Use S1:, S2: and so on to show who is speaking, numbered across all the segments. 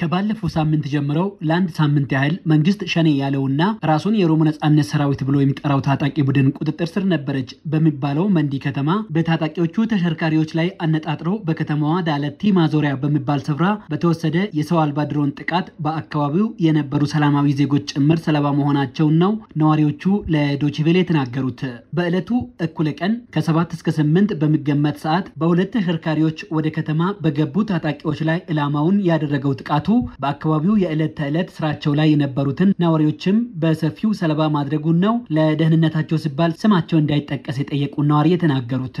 S1: ከባለፈው ሳምንት ጀምረው ለአንድ ሳምንት ያህል መንግስት ሸኔ ያለውና ራሱን የኦሮሞ ነጻነት ሰራዊት ብሎ የሚጠራው ታጣቂ ቡድን ቁጥጥር ስር ነበረች በሚባለው መንዲ ከተማ በታጣቂዎቹ ተሽከርካሪዎች ላይ አነጣጥረው በከተማዋ ዳለቲ ማዞሪያ በሚባል ስፍራ በተወሰደ የሰው አልባ ድሮን ጥቃት በአካባቢው የነበሩ ሰላማዊ ዜጎች ጭምር ሰለባ መሆናቸውን ነው ነዋሪዎቹ ለዶችቬሌ የተናገሩት። በዕለቱ እኩለ ቀን ከሰባት እስከ ስምንት በሚገመት ሰዓት በሁለት ተሽከርካሪዎች ወደ ከተማ በገቡ ታጣቂዎች ላይ ዕላማውን ያደረገው ጥቃቱ ጥቃቱ በአካባቢው የዕለት ተዕለት ስራቸው ላይ የነበሩትን ነዋሪዎችም በሰፊው ሰለባ ማድረጉን ነው ለደህንነታቸው ሲባል ስማቸው እንዳይጠቀስ የጠየቁ ነዋሪ የተናገሩት።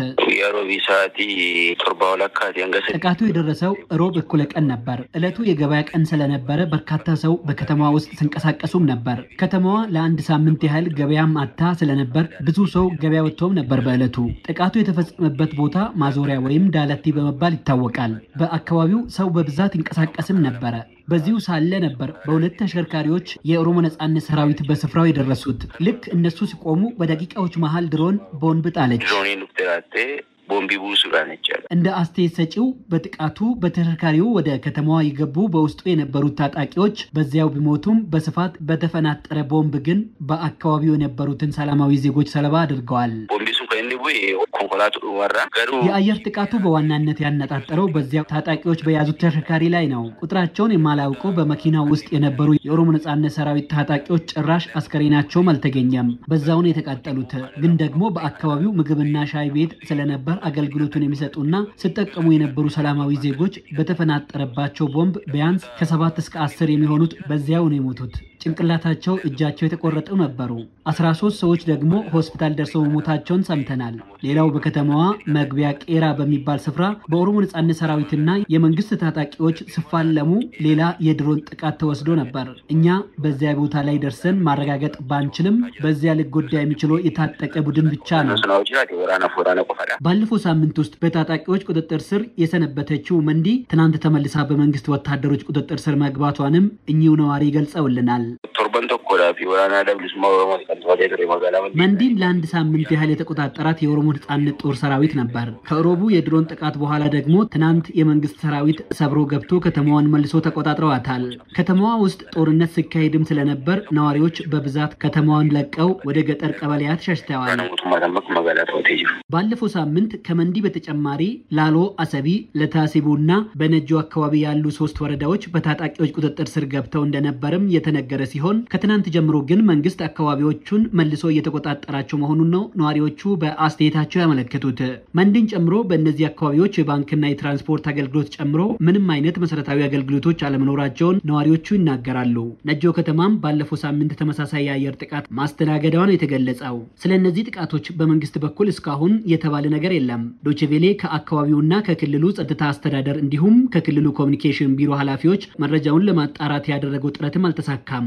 S1: ጥቃቱ የደረሰው ሮብ እኩለ ቀን ነበር። ዕለቱ የገበያ ቀን ስለነበረ በርካታ ሰው በከተማዋ ውስጥ ሲንቀሳቀሱም ነበር። ከተማዋ ለአንድ ሳምንት ያህል ገበያም አታ ስለነበር ብዙ ሰው ገበያ ወጥቶም ነበር። በዕለቱ ጥቃቱ የተፈጸመበት ቦታ ማዞሪያ ወይም ዳላቲ በመባል ይታወቃል። በአካባቢው ሰው በብዛት ይንቀሳቀስም ነበረ። በዚሁ ሳለ ነበር በሁለት ተሽከርካሪዎች የኦሮሞ ነጻነት ሰራዊት በስፍራው የደረሱት። ልክ እነሱ ሲቆሙ በደቂቃዎች መሀል ድሮን ቦምብ ጣለች። እንደ አስተያየት ሰጪው በጥቃቱ በተሽከርካሪው ወደ ከተማዋ የገቡ በውስጡ የነበሩት ታጣቂዎች በዚያው ቢሞቱም በስፋት በተፈናጠረ ቦምብ ግን በአካባቢው የነበሩትን ሰላማዊ ዜጎች ሰለባ አድርገዋል። የአየር ጥቃቱ በዋናነት ያነጣጠረው በዚያ ታጣቂዎች በያዙት ተሽከርካሪ ላይ ነው። ቁጥራቸውን የማላውቀው በመኪና ውስጥ የነበሩ የኦሮሞ ነጻነት ሰራዊት ታጣቂዎች ጭራሽ አስከሬናቸውም አልተገኘም። በዛውን የተቃጠሉት ግን ደግሞ በአካባቢው ምግብና ሻይ ቤት ስለነበር አገልግሎቱን የሚሰጡና ሲጠቀሙ የነበሩ ሰላማዊ ዜጎች በተፈናጠረባቸው ቦምብ ቢያንስ ከሰባት እስከ አስር የሚሆኑት በዚያው ነው የሞቱት። ጭንቅላታቸው፣ እጃቸው የተቆረጡ ነበሩ። 13 ሰዎች ደግሞ ሆስፒታል ደርሰው መሞታቸውን ሰምተናል። ሌላው በከተማዋ መግቢያ ቄራ በሚባል ስፍራ በኦሮሞ ነጻነት ሰራዊትና የመንግስት ታጣቂዎች ስፋለሙ ሌላ የድሮን ጥቃት ተወስዶ ነበር። እኛ በዚያ ቦታ ላይ ደርሰን ማረጋገጥ ባንችልም በዚያ ሊጎዳ የሚችለው የታጠቀ ቡድን ብቻ ነው። ባለፈው ሳምንት ውስጥ በታጣቂዎች ቁጥጥር ስር የሰነበተችው መንዲ ትናንት ተመልሳ በመንግስት ወታደሮች ቁጥጥር ስር መግባቷንም እኚሁ ነዋሪ ገልጸውልናል። Doctor dhibban ለአንድ ሳምንት ያህል የተቆጣጠራት የኦሮሞ ነጻነት ጦር ሰራዊት ነበር። ከሮቡ የድሮን ጥቃት በኋላ ደግሞ ትናንት የመንግስት ሰራዊት ሰብሮ ገብቶ ከተማዋን መልሶ ተቆጣጥረዋታል። ከተማዋ ውስጥ ጦርነት ሲካሄድም ስለነበር ነዋሪዎች በብዛት ከተማዋን ለቀው ወደ ገጠር ቀበሌያት ሸሽተዋል። ባለፈው ሳምንት ከመንዲ በተጨማሪ ላሎ፣ አሰቢ፣ ለታሲቡና በነጆ አካባቢ ያሉ ሶስት ወረዳዎች በታጣቂዎች ቁጥጥር ስር ገብተው እንደነበርም የተነገረ ሲሆን ከትናንት ጀምሮ ግን መንግስት አካባቢዎቹን መልሶ እየተቆጣጠራቸው መሆኑን ነው ነዋሪዎቹ በአስተያየታቸው ያመለከቱት። መንድን ጨምሮ በእነዚህ አካባቢዎች የባንክና የትራንስፖርት አገልግሎት ጨምሮ ምንም አይነት መሰረታዊ አገልግሎቶች አለመኖራቸውን ነዋሪዎቹ ይናገራሉ። ነጆ ከተማም ባለፈው ሳምንት ተመሳሳይ የአየር ጥቃት ነው የተገለጸው። ስለ እነዚህ ጥቃቶች በመንግስት በኩል እስካሁን የተባለ ነገር የለም። ዶችቬሌ ከአካባቢውና ከክልሉ ጸጥታ አስተዳደር እንዲሁም ከክልሉ ኮሚኒኬሽን ቢሮ ኃላፊዎች መረጃውን ለማጣራት ያደረገው ጥረትም አልተሳካም።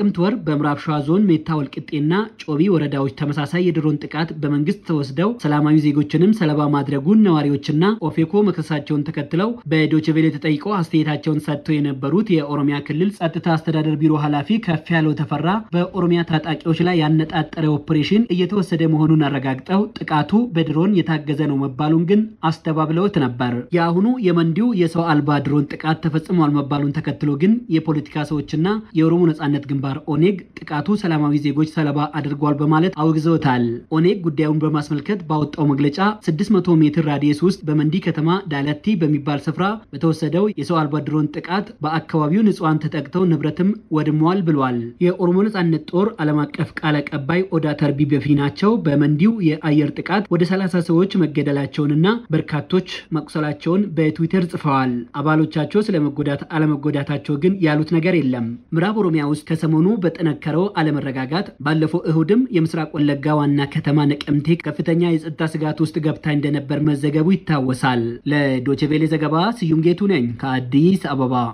S1: በጥቅምት ወር በምዕራብ ሸዋ ዞን ሜታ ወልቅጤና ጮቢ ወረዳዎች ተመሳሳይ የድሮን ጥቃት በመንግስት ተወስደው ሰላማዊ ዜጎችንም ሰለባ ማድረጉን ነዋሪዎችና ኦፌኮ መክሰሳቸውን ተከትለው በዶችቬሌ ተጠይቀው አስተያየታቸውን ሰጥተው የነበሩት የኦሮሚያ ክልል ጸጥታ አስተዳደር ቢሮ ኃላፊ ከፍ ያለው ተፈራ በኦሮሚያ ታጣቂዎች ላይ ያነጣጠረ ኦፕሬሽን እየተወሰደ መሆኑን አረጋግጠው ጥቃቱ በድሮን የታገዘ ነው መባሉን ግን አስተባብለውት ነበር። የአሁኑ የመንዲው የሰው አልባ ድሮን ጥቃት ተፈጽሟል መባሉን ተከትሎ ግን የፖለቲካ ሰዎችና የኦሮሞ ነጻነት ግንባር ተግባር ኦኔግ ጥቃቱ ሰላማዊ ዜጎች ሰለባ አድርጓል በማለት አውግዘውታል። ኦኔግ ጉዳዩን በማስመልከት ባወጣው መግለጫ 600 ሜትር ራዲየስ ውስጥ በመንዲ ከተማ ዳለቲ በሚባል ስፍራ በተወሰደው የሰው አልባ ድሮን ጥቃት በአካባቢው ንጹሐን ተጠቅተው ንብረትም ወድመዋል ብሏል። የኦሮሞ ነጻነት ጦር ዓለም አቀፍ ቃል አቀባይ ኦዳ ተርቢ በፊ ናቸው በመንዲው የአየር ጥቃት ወደ 30 ሰዎች መገደላቸውንና በርካቶች መቁሰላቸውን በትዊተር ጽፈዋል። አባሎቻቸው ስለመጎዳት አለመጎዳታቸው ግን ያሉት ነገር የለም። ምዕራብ ኦሮሚያ ውስጥ ከሰሞ ሰሞኑ በጠነከረው አለመረጋጋት ባለፈው እሁድም የምስራቅ ወለጋ ዋና ከተማ ነቀምቴ ከፍተኛ የጸጥታ ስጋት ውስጥ ገብታ እንደነበር መዘገቡ ይታወሳል። ለዶችቬሌ ዘገባ ስዩም ጌቱ ነኝ ከአዲስ አበባ።